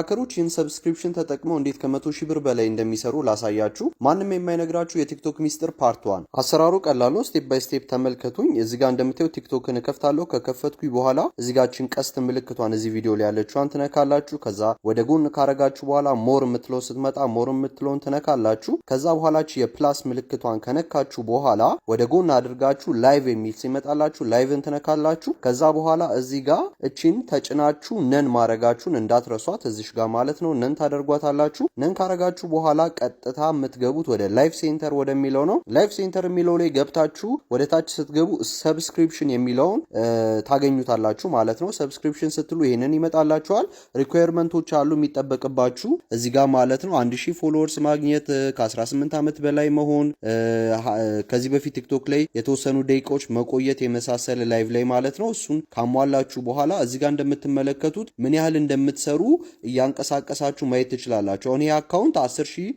ሀከሮች ይህን ሰብስክሪፕሽን ተጠቅመው እንዴት ከመቶ ሺህ ብር በላይ እንደሚሰሩ ላሳያችሁ። ማንም የማይነግራችሁ የቲክቶክ ሚስጥር ፓርት ዋን። አሰራሩ ቀላል ነው። ስቴፕ ባይ ስቴፕ ተመልከቱኝ። እዚህ ጋር እንደምታዩ ቲክቶክን እከፍታለሁ። ከከፈትኩኝ በኋላ እዚህ ጋችን ቀስት ምልክቷን እዚህ ቪዲዮ ላይ ያለችዋን ትነካላችሁ። ከዛ ወደ ጎን ካረጋችሁ በኋላ ሞር የምትለው ስትመጣ ሞር የምትለውን ትነካላችሁ። ከዛ በኋላችሁ የፕላስ ምልክቷን ከነካችሁ በኋላ ወደ ጎን አድርጋችሁ ላይቭ የሚል ሲመጣላችሁ ላይቭን ትነካላችሁ። ከዛ በኋላ እዚህ ጋር እቺን ተጭናችሁ ነን ማረጋችሁን እንዳትረሷት። እዚህ ጋር ማለት ነው። ነን ታደርጓታላችሁ። ነን ካረጋችሁ በኋላ ቀጥታ የምትገቡት ወደ ላይፍ ሴንተር ወደሚለው ነው። ላይፍ ሴንተር የሚለው ላይ ገብታችሁ ወደ ታች ስትገቡ ሰብስክሪፕሽን የሚለውን ታገኙታላችሁ ማለት ነው። ሰብስክሪፕሽን ስትሉ ይህንን ይመጣላችኋል። ሪኳየርመንቶች አሉ የሚጠበቅባችሁ እዚህ ጋር ማለት ነው። አንድ ሺህ ፎሎወርስ ማግኘት፣ ከ18 ዓመት በላይ መሆን፣ ከዚህ በፊት ቲክቶክ ላይ የተወሰኑ ደቂቃዎች መቆየት የመሳሰለ ላይቭ ላይ ማለት ነው። እሱን ካሟላችሁ በኋላ እዚጋ ጋር እንደምትመለከቱት ምን ያህል እንደምትሰሩ እያንቀሳቀሳችሁ ማየት ትችላላችሁ። አሁን ይህ አካውንት 10 ሺህ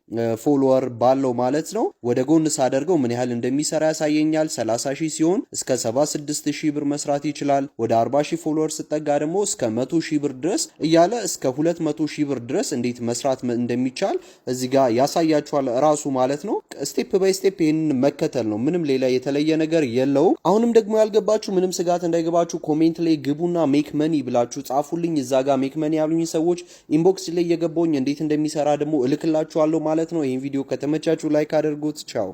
ፎሎወር ባለው ማለት ነው ወደ ጎን ሳደርገው ምን ያህል እንደሚሰራ ያሳየኛል። 30 ሺህ ሲሆን እስከ 76 ሺህ ብር መስራት ይችላል። ወደ 40 ሺህ ፎሎወር ስጠጋ ደግሞ እስከ 100 ሺህ ብር ድረስ እያለ እስከ 200 ሺህ ብር ድረስ እንዴት መስራት እንደሚቻል እዚህ ጋር ያሳያችኋል ራሱ ማለት ነው። ስቴፕ ባይ ስቴፕ ይህንን መከተል ነው። ምንም ሌላ የተለየ ነገር የለውም። አሁንም ደግሞ ያልገባችሁ ምንም ስጋት እንዳይገባችሁ ኮሜንት ላይ ግቡና ሜክ መኒ ብላችሁ ጻፉልኝ። እዛ ጋር ሜክ መኒ ያሉኝ ሰዎች ኢንቦክስ ላይ የገባውኝ እንዴት እንደሚሰራ ደግሞ እልክላችኋለሁ ማለት ነው። ይህን ቪዲዮ ከተመቻችሁ ላይክ አድርጉት። ቻው